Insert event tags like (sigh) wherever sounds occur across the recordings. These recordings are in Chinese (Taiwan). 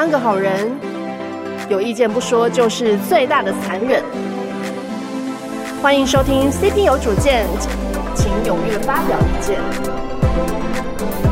當個好人，有意見不說就是最大的殘忍。歡迎收聽 CP 有主見，請踴躍發表意見。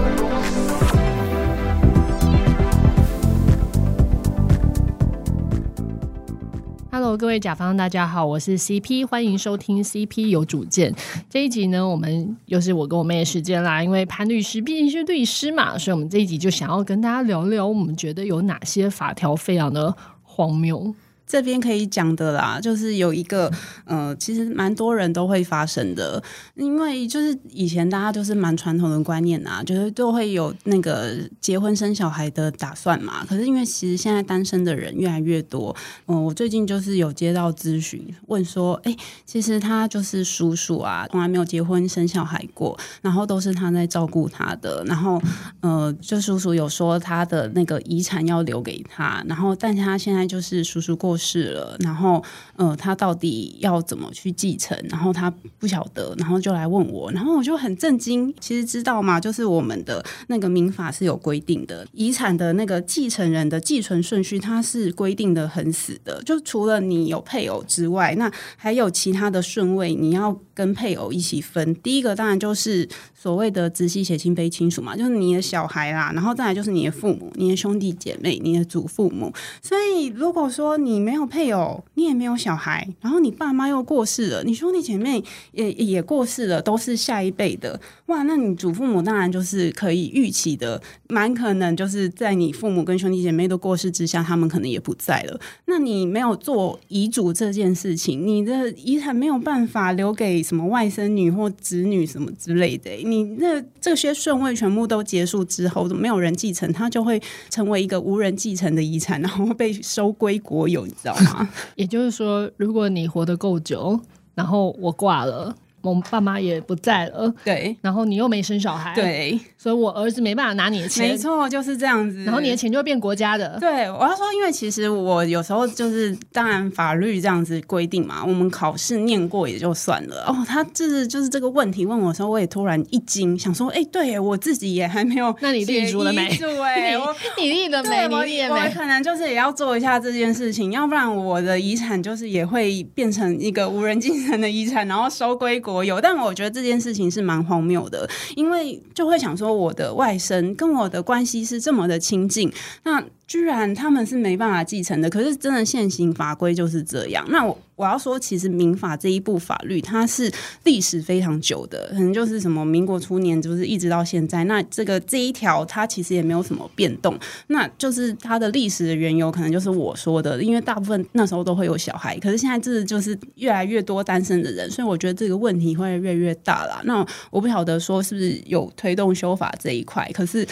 各位甲方大家好，我是 CP，歡迎收聽 CP 有主見，這一集呢，我們又是我跟我妹的時間啦，因為潘律師畢竟是律師嘛，所以我們這一集就想要跟大家聊聊，我們覺得有哪些法條非常的荒謬。這邊可以講的啦，就是有一個，呃，其實蠻多人都會發生的，因為就是以前大家就是蠻傳統的觀念啊，就是都會有那個結婚生小孩的打算嘛。可是因為其實現在單身的人越來越多，嗯、呃，我最近就是有接到諮詢，問說，哎、欸，其實他就是叔叔啊，從來沒有結婚生小孩過，然後都是他在照顧他的，然後，呃，就叔叔有說他的那個遺產要留給他，然後，但是他現在就是叔叔過是了，然後，呃，他到底要怎麼去繼承？然後他不曉得，然後就來問我，然後我就很震驚。其實知道嘛，就是我們的那個民法是有規定的，遺產的那個繼承人的繼承順序，它是規定的很死的。就除了你有配偶之外，那還有其他的順位，你要跟配偶一起分。第一個當然就是所謂的直系血親卑親屬嘛，就是你的小孩啦，然後再來就是你的父母、你的兄弟姐妹、你的祖父母。所以如果說你沒有配偶，你也沒有小孩，然後你爸媽又過世了。你兄弟姐妹也也過世了，都是下一輩的。哇，那你祖父母當然就是可以預期的，蠻可能就是在你父母跟兄弟姐妹的過世之下，他們可能也不在了。那你沒有做遺囑這件事情，你的遺產沒有辦法留給什麼外甥女或子女什麼之類的。你那這些順位全部都結束之後，沒有人繼承，它就會成為一個無人繼承的遺產，然後被收歸國有。知道嗎？ (laughs) 也就是說，如果你活得夠久，然後我掛了。我們爸媽也不在了，對，然後你又沒生小孩，對，所以我兒子沒辦法拿你的錢，沒錯，就是這樣子。然後你的錢就會變國家的。對，我要說，因為其實我有時候就是，當然法律這樣子規定嘛，我們考試唸過也就算了。哦，他就是就是這個問題問我的時候，我也突然一驚，想說，哎，對我自己也還沒有，那你立遺囑了沒？遺囑哎，你立的沒？我可能就是也要做一下這件事情，要不然我的遺產就是也會變成一個無人繼承的遺產，然後收歸國。我有，但我覺得這件事情是蠻荒謬的，因為就會想說，我的外甥跟我的關係是這麼的親近，那。居然他們是沒辦法繼承的，可是真的現行法規就是這樣。那我我要說，其實民法這一部法律它是歷史非常久的，可能就是什麼民國初年，就是一直到現在。那這個這一條它其實也沒有什麼變動，那就是它的歷史的緣由，可能就是我說的，因為大部分那時候都會有小孩，可是現在這就是越來越多單身的人，所以我覺得這個問題會越來越大啦。那我不曉得說是不是有推動修法這一塊，可是。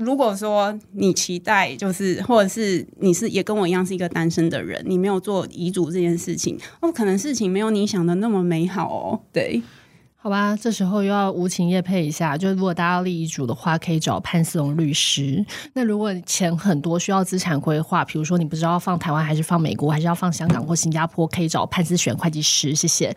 如果說你期待，就是或者是你是也跟我一樣是一個單身的人，你沒有做遺囑這件事情，哦，可能事情沒有你想的那麼美好哦，對。好吧，這時候又要無情業配一下。就如果大家立遺囑的話，可以找潘思蓉律師。那如果錢很多，需要資產規劃，比如說你不知道要放台灣還是放美國，還是要放香港或新加坡，可以找潘思璇會計師。謝謝，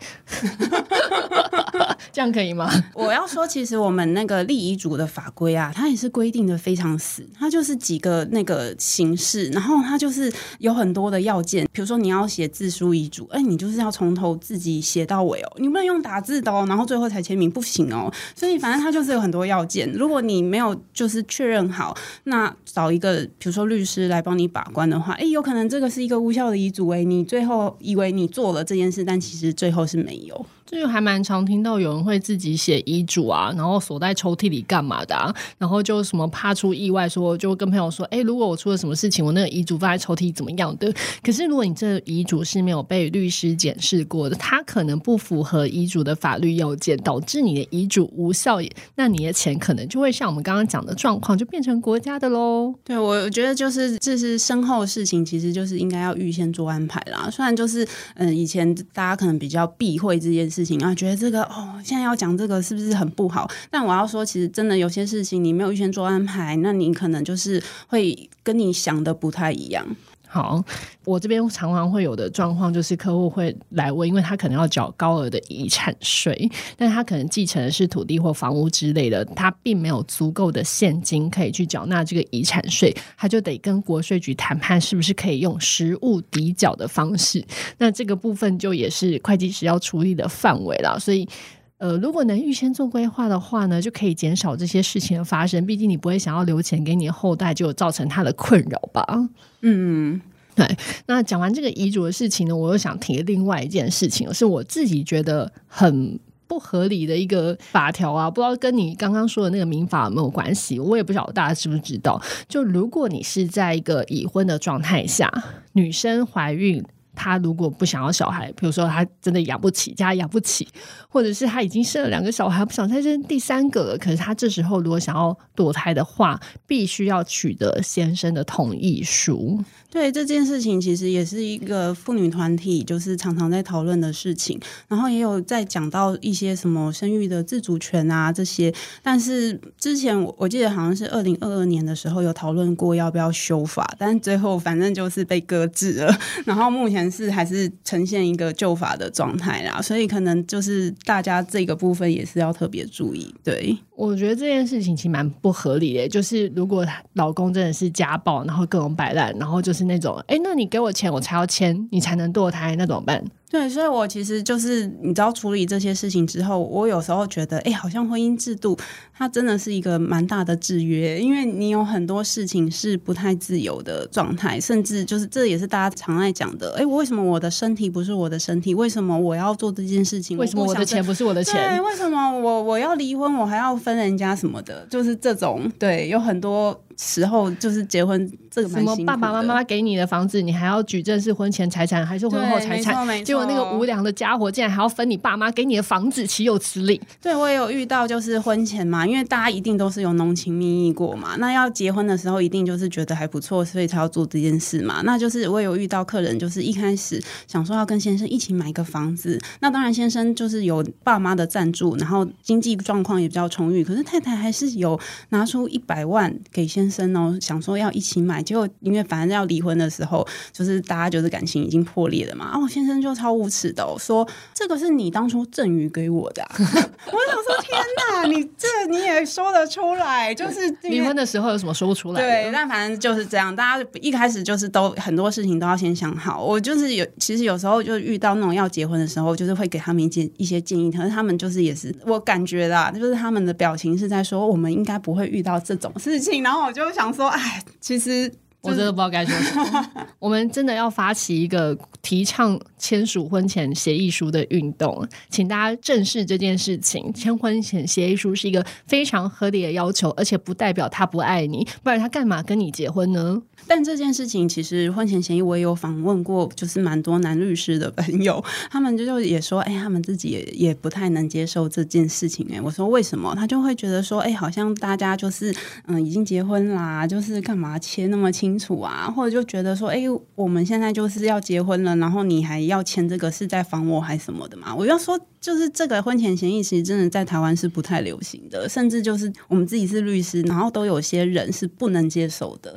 (laughs) (laughs) 這樣可以嗎？我要說，其實我們那個立遺囑的法規啊，它也是規定的非常死，它就是幾個那個形式，然後它就是有很多的要件。比如說你要寫自書遺囑，哎，你就是要從頭自己寫到尾哦，你不能用打字的哦，然後最。最後才簽名不行哦，所以反正他就是有很多要件。如果你沒有就是確認好，那找一個比如說律師來幫你把關的話，誒、欸，有可能這個是一個無效的遺囑誒、欸，你最後以為你做了這件事，但其實最後是沒有。就還蠻常聽到有人會自己寫遺囑啊，然後鎖在抽屜裡幹嘛的、啊，然後就什麼怕出意外說，說就跟朋友說，哎、欸，如果我出了什麼事情，我那個遺囑放在抽屜怎麼樣的？可是如果你這遺囑是沒有被律師檢視過的，他可能不符合遺囑的法律要件，導致你的遺囑無效也，那你的錢可能就會像我們剛剛講的狀況，就變成國家的嘍。對，我覺得就是這是身後事情，其實就是應該要預先做安排啦。雖然就是嗯、呃，以前大家可能比較避諱這件事。啊，覺得這個哦，現在要講這個是不是很不好？但我要說，其實真的有些事情你沒有預先做安排，那你可能就是會跟你想的不太一樣。好，我這邊常常會有的狀況就是，客戶會來問，因為他可能要繳高額的遺產稅，但他可能繼承的是土地或房屋之類的，他並沒有足夠的現金可以去繳納這個遺產稅，他就得跟國稅局談判，是不是可以用實物抵繳的方式。那這個部分就也是會計師要處理的範圍了，所以。呃，如果能預先做規劃的話呢，就可以減少這些事情的發生。畢竟你不會想要留錢給你後代，就造成他的困擾吧？嗯嗯，對。那講完這個遺囑的事情呢，我又想提另外一件事情，是我自己覺得很不合理的一個法條啊。不知道跟你剛剛說的那個民法有沒有關係？我也不曉得大家知不知道。就如果你是在一個已婚的狀態下，女生懷孕。他如果不想要小孩，比如說他真的養不起，家養不起，或者是他已經生了兩個小孩，不想再生第三個了。可是他這時候如果想要墮胎的話，必須要取得先生的同意書。對，這件事情，其實也是一個婦女團體，就是常常在討論的事情。然後也有在講到一些什麼生育的自主權啊這些。但是之前我我記得好像是二零二二年的時候有討論過要不要修法，但最後反正就是被擱置了。然後目前是還是呈現一個舊法的狀態啦，所以可能就是大家這個部分也是要特別注意。對，我覺得這件事情其實蠻不合理的，就是如果老公真的是家暴，然後各種擺爛，然後就是。那種，哎、欸，那你給我錢，我才要簽，你才能墮胎，那怎麼辦？對，所以我其實就是你知道處理這些事情之後，我有時候覺得，哎，好像婚姻制度它真的是一個蠻大的制約，因為你有很多事情是不太自由的狀態，甚至就是這也是大家常愛講的，哎，為什麼我的身體不是我的身體？為什麼我要做這件事情？為什麼我的錢不是我的錢？對，為什麼我我要離婚，我還要分人家什麼的？就是這種，對，有很多時候就是結婚這個什麼爸爸媽媽給你的房子，你還要舉證是婚前財產還是婚後財產，就。那個無良的傢伙竟然還要分你爸媽給你的房子，豈有此理！對，我也有遇到，就是婚前嘛，因為大家一定都是有濃情蜜意過嘛，那要結婚的時候一定就是覺得還不錯，所以才要做這件事嘛。那就是我有遇到客人，就是一開始想說要跟先生一起買一個房子，那當然先生就是有爸媽的贊助，然後經濟狀況也比較充裕，可是太太還是有拿出一百萬給先生哦，想說要一起買，結果因為反正要離婚的時候，就是大家就是感情已經破裂了嘛，哦，先生就超。無恥的、哦、說，這個是你當初贈予給我的，啊。 (laughs) 我想說，天哪， (laughs) 你這你也說得出來？就是離婚的時候有什麼說不出來？對，但反正就是這樣。大家一開始就是都很多事情都要先想好。我就是有，其實有時候就遇到那種要結婚的時候，就是會給他們一些，一些建議。可是他們就是也是，我感覺啦，就是他們的表情是在說，我們應該不會遇到這種事情。然後我就想說，哎，其實。我真的不知道該說什麼。 (laughs) 我們真的要發起一個提倡簽署婚前協議書的運動，請大家正視這件事情。簽婚前協議書是一個非常合理的要求，而且不代表他不愛你，不然他幹嘛跟你結婚呢？但這件事情其實婚前協議我也有訪問過，就是蠻多男律師的朋友，他們就就也說，哎、欸，他們自己也也不太能接受這件事情、欸，哎，我說為什麼？他就會覺得說，哎、欸，好像大家就是嗯、呃、已經結婚啦，就是幹嘛簽那麼清楚啊？或者就覺得說，哎、欸，我們現在就是要結婚了，然後你還要簽這個，是在防我還是什麼的嘛？我要說。就是這個婚前協議其實真的在台灣是不太流行的，甚至就是我們自己是律師，然後都有些人是不能接受的。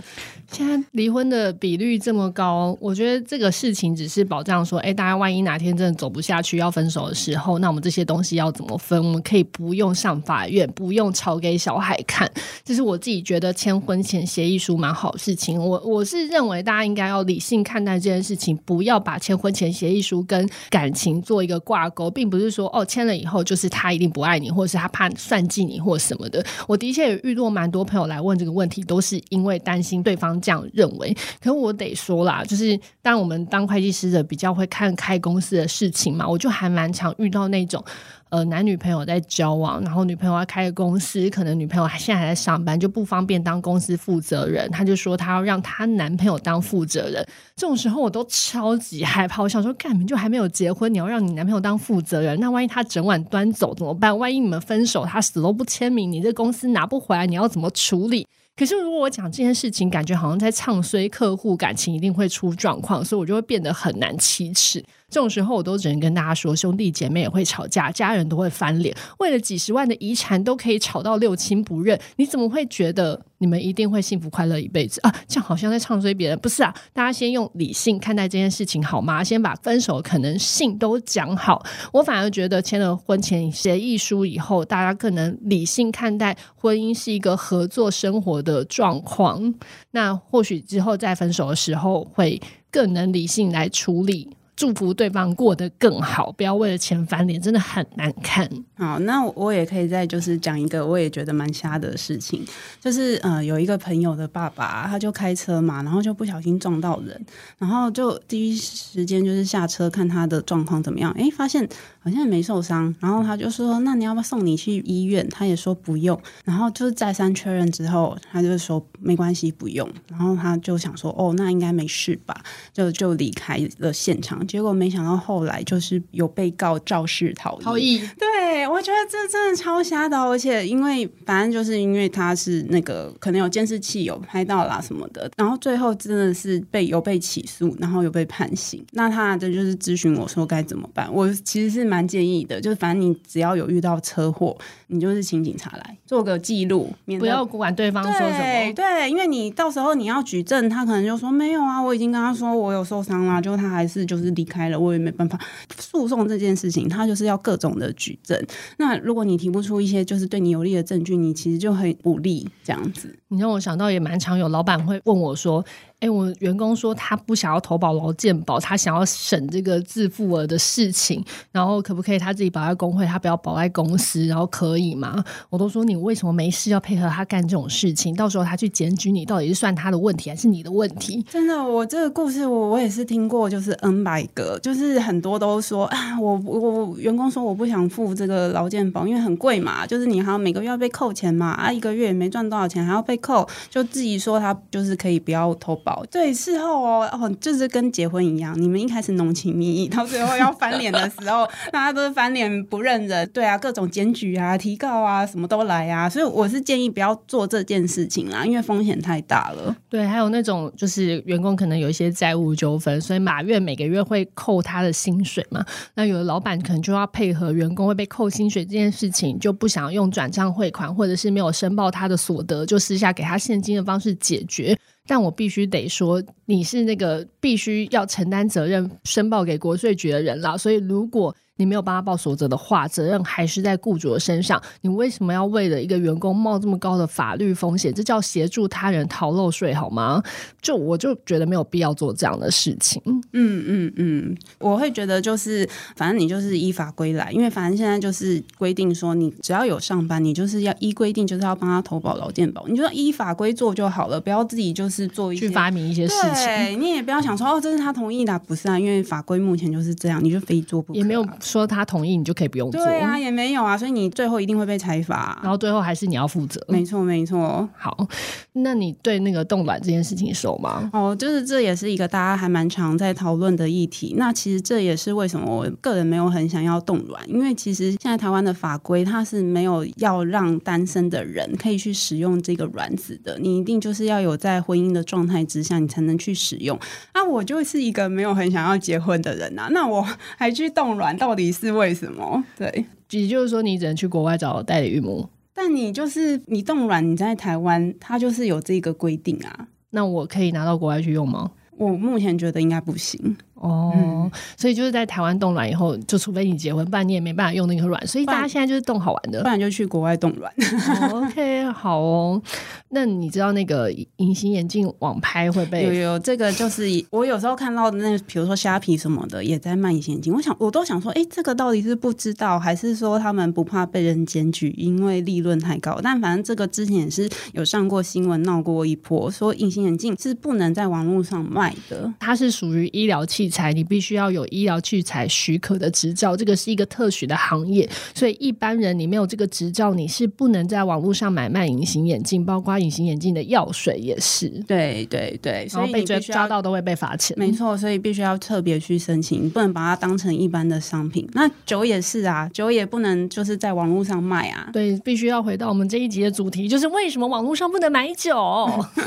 現在離婚的比率這麼高，我覺得這個事情只是保障說，哎，大家萬一哪天真的走不下去要分手的時候，那我們這些東西要怎麼分？我們可以不用上法院，不用吵給小孩看。這是我自己覺得簽婚前協議書蠻好事情。我我是認為大家應該要理性看待這件事情，不要把簽婚前協議書跟感情做一個掛鈎，並不是。說哦，簽了以後就是他一定不愛你，或者是他怕算計你，或者什麼的。我的確也遇到蠻多朋友來問這個問題，都是因為擔心對方這樣認為。可是我得說啦，就是當我們當會計師的比較會看開公司的事情嘛，我就還蠻常遇到那種。呃，男女朋友在交往，然後女朋友要開個公司，可能女朋友現在還在上班，就不方便當公司負責人。她就說她要讓她男朋友當負責人。這種時候我都超級害怕，我想說，根本就還沒有結婚，你要讓你男朋友當負責人，那萬一他整碗端走怎麼辦？萬一你們分手，他死都不簽名，你這公司拿不回來，你要怎麼處理？可是如果我講這件事情，感覺好像在唱衰客戶感情，一定會出狀況，所以我就會變得很難啟齒。這種時候我都只能跟大家說，兄弟姐妹也會吵架，家人都會翻臉，為了幾十萬的遺產都可以吵到六親不認。你怎麼會覺得你們一定會幸福快樂一輩子啊？這樣好像在唱衰別人。不是啊，大家先用理性看待這件事情好嗎？先把分手的可能性都講好。我反而覺得簽了婚前協議書以後，大家更能理性看待婚姻是一個合作生活的狀況。那或許之後在分手的時候，會更能理性來處理。祝福對方過得更好，不要為了錢翻臉，真的很難看。好，那我也可以再就是講一個，我也覺得蠻瞎的事情，就是呃，有一個朋友的爸爸，他就開車嘛，然後就不小心撞到人，然後就第一時間就是下車看他的狀況怎麼樣，哎、欸，發現，好像沒受傷，然後他就說：“那你要不要送你去醫院？”他也說：“不用。”然後就是再三確認之後，他就說：“沒關係，不用。”然後他就想說：“哦，那應該沒事吧？”就就離開了現場。結果沒想到後來就是有被告肇事逃逃逸。對，我覺得這真的超瞎的，而且因為反正就是因為他是那個可能有監視器有拍到啦什麼的，然後最後真的是被有被起訴，然後有被判刑。那他的就是諮詢我說該怎麼辦，我其實是蠻蠻建議的，就是反正你只要有遇到車禍，你就是請警察來做個記錄，不要不管對方，對，說什麼。對，因為你到時候你要舉證，他可能就說沒有啊，我已經跟他說我有受傷了，就他還是就是離開了，我也沒辦法。訴訟這件事情，他就是要各種的舉證。那如果你提不出一些就是對你有利的證據，你其實就很無力這樣子。你讓我想到也蠻常有老闆會問我說：“哎、欸，我員工說他不想要投保勞健保，他想要省這個自付額的事情，然後可不可以他自己保在工會，他不要保在公司，然後可以嗎？”我都說：“你為什麼沒事要配合他幹這種事情？到時候他去檢舉你，到底是算他的問題還是你的問題？”真的，我這個故事我我也是聽過，就是 N 百個，就是很多都說：“啊，我我員工說我不想付這個勞健保，因為很貴嘛，就是你還要每個月要被扣錢嘛，啊，一個月也沒賺多少錢還要被。”扣就自己說他就是可以不要投保。對，事後哦，哦就是跟結婚一樣，你們一開始濃情蜜意，到最後要翻臉的時候，大 (laughs) 家都是翻臉不認人。對啊，各種檢舉啊、提告啊，什麼都來啊。所以我是建議不要做這件事情啦，因為風險太大了。對，還有那種就是員工可能有一些債務糾紛，所以馬月每個月會扣他的薪水嘛。那有的老闆可能就要配合員工會被扣薪水這件事情，就不想用轉賬匯款，或者是沒有申報他的所得，就私下。給他現金的方式解決。但我必須得說，你是那個必須要承擔責任、申報給國稅局的人了。所以，如果你沒有辦法報所得的話，責任還是在僱主的身上。你為什麼要為了一個員工冒這麼高的法律風險？這叫協助他人逃漏稅，好嗎？就我就覺得沒有必要做這樣的事情。嗯嗯嗯，我會覺得就是，反正你就是依法規來，因為反正現在就是規定說，你只要有上班，你就是要依規定，就是要幫他投保勞健保。你就要依法規做就好了，不要自己就是，是做一些去發明一些事情，對你也不要想說哦，這是他同意的啊，不是啊？因為法規目前就是這樣，你就非做不可啊。也沒有說他同意你就可以不用做。對啊，也沒有啊，所以你最後一定會被裁罰啊，然後最後還是你要負責。沒錯，沒錯。好，那你對那個凍卵這件事情熟嗎？哦，就是這也是一個大家還蠻常在討論的議題。那其實這也是為什麼我個人沒有很想要凍卵，因為其實現在台灣的法規它是沒有要讓單身的人可以去使用這個卵子的，你一定就是要有在婚姻的狀態之下，你才能去使用。那、啊、我就是一個沒有很想要結婚的人啊。那我還去凍卵，到底是為什麼？對，也就是說，你只能去國外找代理孕母。但你就是你凍卵，你在台灣，它就是有這個規定啊。那我可以拿到國外去用嗎？我目前覺得應該不行。哦、嗯，所以就是在台灣凍卵以後，就除非你結婚，不然你也沒辦法用那個卵。所以大家現在就是凍好玩的不，不然就去國外凍卵。 (laughs) OK，好哦。那你知道那個隱形眼鏡網拍會被有有這個，就是我有時候看到的那個，比如說蝦皮什麼的也在賣隱形眼鏡。我想我都想說，哎、欸，這個到底是不知道，還是說他們不怕被人檢舉，因為利潤太高？但反正這個之前也是有上過新聞，鬧過一波，說隱形眼鏡是不能在網絡上賣的，它是屬於醫療器你必須要有醫療器材許可的執照，這個是一個特許的行業，所以一般人你沒有這個執照，你是不能在網絡上買賣隱形眼鏡，包括隱形眼鏡的藥水也是。對對對，所以被抓到都會被罰錢，沒錯，所以必須要特別去申請，你不能把它當成一般的商品。那酒也是啊，酒也不能就是在網絡上賣啊。對，必須要回到我們這一集的主題，就是為什麼網絡上不能買酒？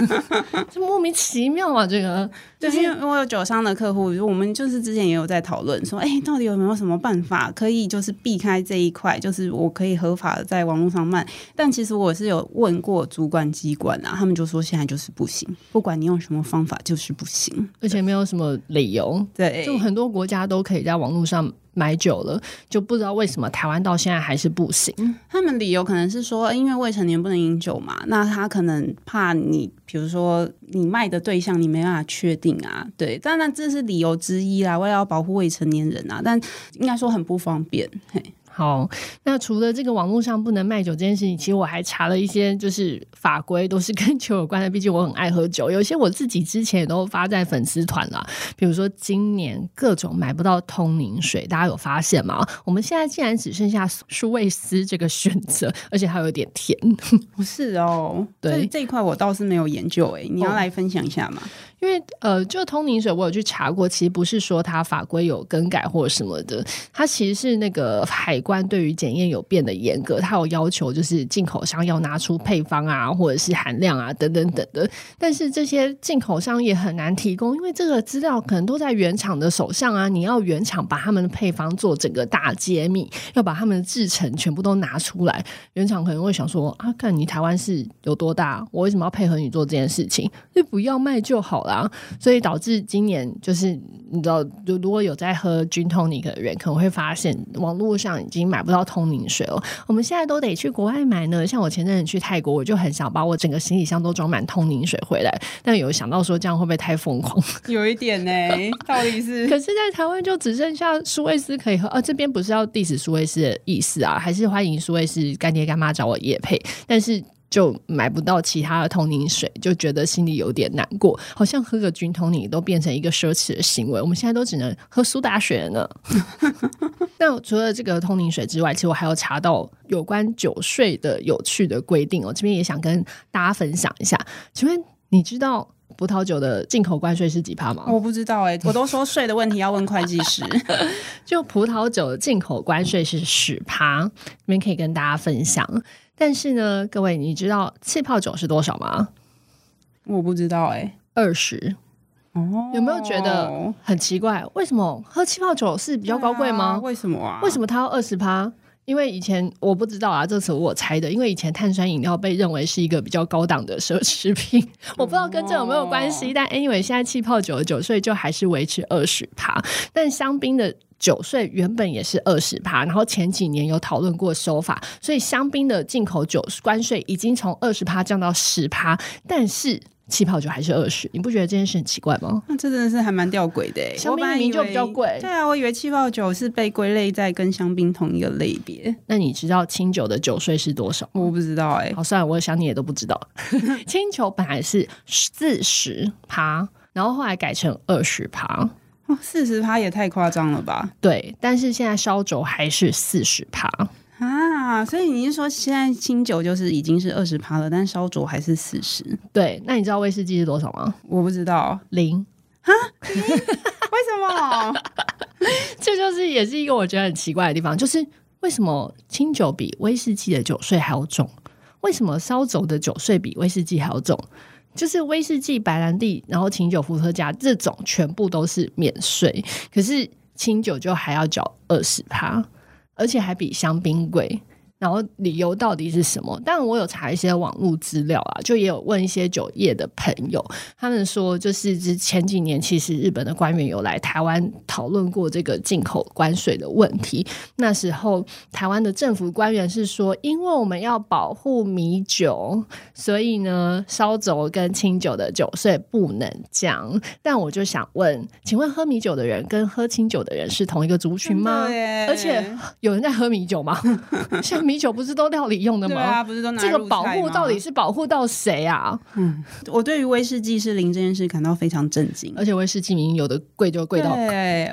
(laughs) 這莫名其妙啊，這個 (laughs) 就是因為我有酒商的客戶。如我們就是之前也有在討論說，誒、欸、到底有沒有什麼辦法可以就是避開這一塊？就是我可以合法在網絡上賣，但其實我是有問過主管機關啊，他們就說現在就是不行，不管你用什麼方法，就是不行，而且沒有什麼理由。對，就很多國家都可以在網絡上。買酒了，就不知道為什麼台灣到現在還是不行，嗯。他們理由可能是說，欸、因為未成年不能飲酒嘛，那他可能怕你，比如說你賣的對象你沒辦法確定啊。對，當然這是理由之一啦，為了要保護未成年人啊，但應該說很不方便，嘿。好，那除了這個網絡上不能賣酒這件事情，其實我還查了一些，就是法規都是跟酒有關的。畢竟我很愛喝酒，有些我自己之前也都發在粉絲團了。比如說，今年各種買不到通寧水，大家有發現嗎？我們現在竟然只剩下舒味思這個選擇，而且還有點甜。不 (laughs) 是哦，對這一塊我倒是沒有研究，哎，你要來分享一下嗎？因為呃，就通寧水，我有去查過，其實不是說它法規有更改或者什麼的，它其實是那個海關對於檢驗有變得嚴格，它有要求就是進口商要拿出配方啊，或者是含量啊，等等等的。但是這些進口商也很難提供，因為這個資料可能都在原廠的手上啊。你要原廠把他們的配方做整個大揭秘，要把他們的製程全部都拿出來，原廠可能會想說啊，幹，你台灣是有多大，我為什麼要配合你做這件事情？就不要賣就好了。啊！所以導致今年就是你知道，如如果有在喝琴通寧的人，可能會發現網絡上已經買不到通寧水了。我們現在都得去國外買呢。像我前陣子去泰國，我就很想把我整個行李箱都裝滿通寧水回來，但有想到說這樣會不會太瘋狂？有一點呢、欸，道 (laughs) 理是。可是，在台灣就只剩下舒味思可以喝。啊，這邊不是要 diss 舒味思的意思啊，還是歡迎舒味思乾爹乾媽找我業配，但是。就買不到其他的通寧水，就覺得心裡有點難過，好像喝個琴通寧都變成一個奢侈的行為。我們現在都只能喝蘇打水了呢。 (laughs) 那除了這個通寧水之外，其實我還有查到有關酒稅的有趣的規定，我這邊也想跟大家分享一下。請問你知道葡萄酒的進口關稅是幾趴嗎？我不知道哎、欸，我都說稅的問題要問會計師。 (laughs) (laughs) 就葡萄酒的進口關稅是十趴，這邊可以跟大家分享。但是呢，各位，你知道氣泡酒是多少嗎？我不知道誒、欸，二十哦，有沒有覺得很奇怪？為什麼喝氣泡酒是比較高貴嗎、啊？為什麼啊？為什麼它要二十趴？因為以前我不知道啊，這是我猜的。因為以前碳酸飲料被認為是一個比較高檔的奢侈品， (laughs) 我不知道跟這有沒有關係、哦。但 anyway，、欸、現在氣泡酒的酒稅，所以就還是維持二十趴。但香檳的。酒稅原本也是二十趴，然後前幾年有討論過收法，所以香檳的進口酒關稅已經從二十趴降到十趴，但是氣泡酒還是二十，你不覺得這件事很奇怪嗎？那、啊、這真的是還蠻弔詭的、欸。香檳明明就比較貴，對啊，我以為氣泡酒是被歸類在跟香檳同一個類別。那你知道清酒的酒稅是多少？我不知道哎、欸。好，算了。我想你也都不知道。 (laughs) 清酒本來是四十趴，然後後來改成二十趴。四十趴也太誇張了吧？對，但是現在燒酒還是四十趴啊！所以你是說現在清酒就是已經是二十趴了，但燒酒還是四十？對，那你知道威士忌是多少嗎？我不知道，零啊？ (laughs) 為什麼？ (laughs) 這就是也是一個我覺得很奇怪的地方，就是為什麼清酒比威士忌的酒稅還要重？為什麼燒酒的酒稅比威士忌還要重？就是威士忌、白蘭地，然後清酒、伏特加這種，全部都是免稅。可是清酒就還要繳二十趴，而且還比香檳貴。然後理由到底是什麼？但我有查一些網絡資料啊，就也有問一些酒業的朋友，他們說就是前幾年其實日本的官員有來台灣討論過這個進口關稅的問題。那時候台灣的政府官員是說，因為我們要保護米酒，所以呢燒酒跟清酒的酒稅不能降。但我就想問，請問喝米酒的人跟喝清酒的人是同一個族群嗎？而且有人在喝米酒嗎？像。 (laughs) (laughs) 米酒不是都料理用的嗎？對啊，不是都拿入菜嗎？這個保護到底是保護到誰啊？嗯，我對於威士忌是零這件事感到非常震驚。而且威士忌名有的貴就貴到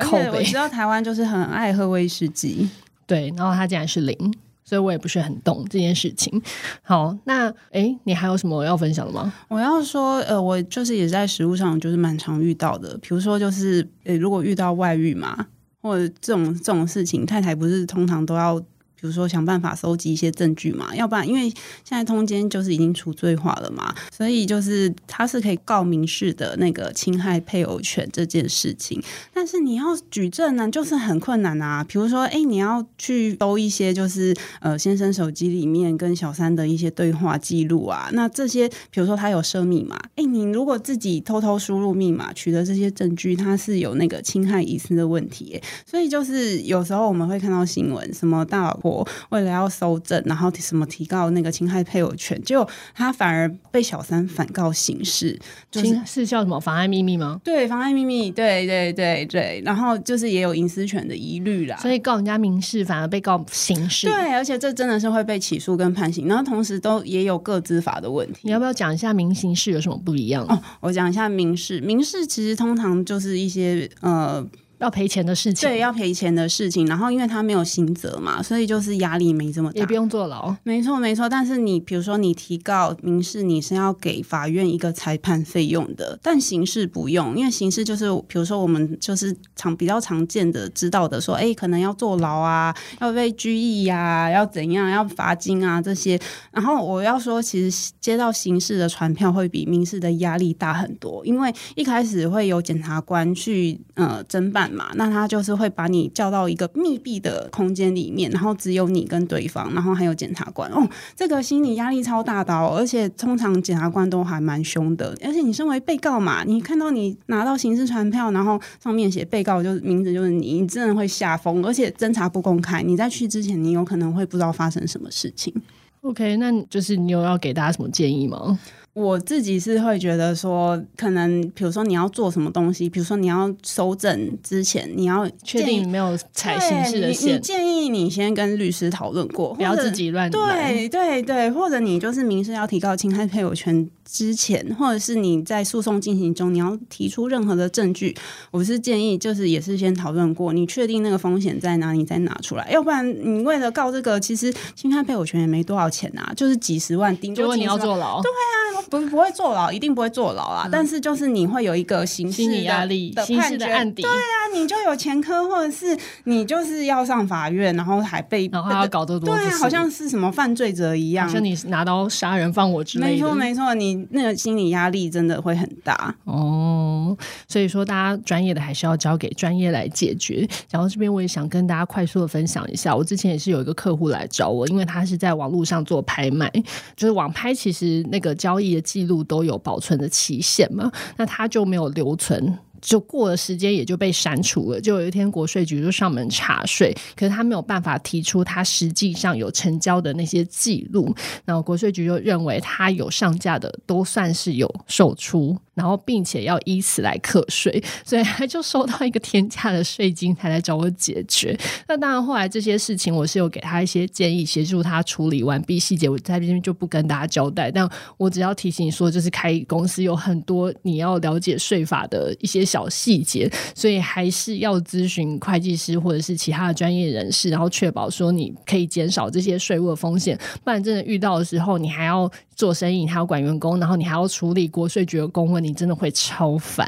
靠北。對，我知道台灣就是很愛喝威士忌，對，然後它竟然是零，所以我也不是很懂這件事情。好，那哎、欸，你還有什麼要分享的嗎？我要說，呃，我就是也在食物上就是蠻常遇到的，比如說就是呃、欸，如果遇到外遇嘛，或者這種這種事情，太太不是通常都要。比如說想辦法收集一些證據嘛，要不然因為現在通奸就是已經除罪化了嘛，所以就是他是可以告民事的那個侵害配偶權這件事情，但是你要舉證呢、啊，就是很困難啊。比如說，誒、欸，你要去搜一些就是呃先生手機裡面跟小三的一些對話記錄啊，那這些比如說他有設密碼，哎、欸，你如果自己偷偷輸入密碼取得這些證據，它是有那個侵害隱私的問題、欸，所以就是有時候我們會看到新聞，什麼大老婆。為了要搜證，然後提什麼提告那個侵害配偶權，結果他反而被小三反告刑事，就是，是叫什麼妨礙秘密嗎？對，妨礙秘密，對對對對，然後就是也有隱私權的疑慮啦，所以告人家民事，反而被告刑事，對，而且這真的是會被起訴跟判刑，然後同時都也有個資法的問題。你要不要講一下民刑事有什麼不一樣？哦，我講一下民事，民事其實通常就是一些呃。要賠錢的事情，對，要賠錢的事情。然後，因為他沒有刑責嘛，所以就是壓力沒這麼大，也不用坐牢。沒錯，沒錯。但是你，你比如說，你提告民事，你是要給法院一個裁判費用的，但刑事不用，因為刑事就是，比如說我們就是常比較常見的知道的，說，哎、欸，可能要坐牢啊，要被拘役呀、啊，要怎樣，要罰金啊這些。然後，我要說，其實接到刑事的傳票會比民事的壓力大很多，因為一開始會有檢察官去呃偵辦。那他就是會把你叫到一個密閉的空間裡面，然後只有你跟對方，然後還有檢察官。哦，這個心理壓力超大的，而且通常檢察官都還蠻凶的，而且你身為被告嘛，你看到你拿到刑事傳票，然後上面寫被告就是名字就是你，你真的會嚇瘋。而且偵查不公開，你在去之前，你有可能會不知道發生什麼事情。OK，那就是你有要給大家什麼建議嗎？我自己是會覺得說，可能比如說你要做什麼東西，比如說你要收證之前，你要確定沒有踩刑事的線，你，你建議你先跟律師討論過，不要自己亂來。對對對，或者你就是民事要提高，侵害配偶權。之前，或者是你在訴訟進行中，你要提出任何的證據，我是建議就是也是先討論過，你確定那個風險在哪裡再拿出來，要不然你為了告這個，其實侵害配偶權也沒多少錢啊，就是幾十萬，頂就，就問你要坐牢，對啊，不不，不會坐牢，一定不會坐牢啊、嗯，但是就是你會有一個刑事的，的判決的案底，對啊，你就有前科，或者是你就是要上法院，然後還被，然後要搞得多，對啊，好像是什麼犯罪者一樣，像你拿刀殺人放火之類的，沒錯沒錯，你。那個心理壓力真的會很大哦，所以說大家專業的還是要交給專業來解決。然後這邊我也想跟大家快速的分享一下，我之前也是有一個客戶來找我，因為他是在網絡上做拍賣，就是網拍，其實那個交易的記錄都有保存的期限嘛，那他就沒有留存。就過了時間也就被刪除了，就有一天國稅局就上門查稅，可是他沒有辦法提出他實際上有成交的那些記錄，然後國稅局就認為他有上架的都算是有售出。然後並且要以此來課稅，所以他就收到一個天價的稅金，才來找我解決。那當然，後來這些事情我是有給他一些建議，協助他處理完畢細節。我在這邊就不跟大家交代，但我只要提醒你說，就是開公司有很多你要了解稅法的一些小細節，所以還是要諮詢會計師或者是其他的專業人士，然後確保說你可以減少這些稅務的風險。不然真的遇到的時候，你還要做生意，你還要管員工，然後你還要處理國稅局的公文。你真的會超煩，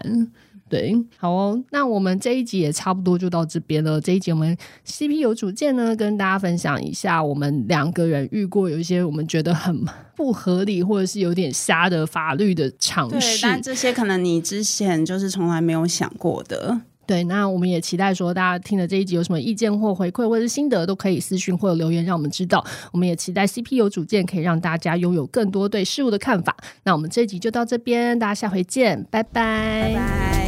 對，好哦。那我們這一集也差不多就到這邊了。這一集我們 CP 有主見呢，跟大家分享一下我們兩個人遇過有一些我們覺得很不合理或者是有點瞎的法律的嘗試。對，但這些可能你之前就是從來沒有想過的。對，那我們也期待說大家聽的這一集有什麼意見或回饋，或者是心得，都可以私訊或者留言讓我們知道。我們也期待 CP 有主見，可以讓大家擁有更多對事物的看法。那我們這一集就到這邊，大家下回見，拜拜。拜拜。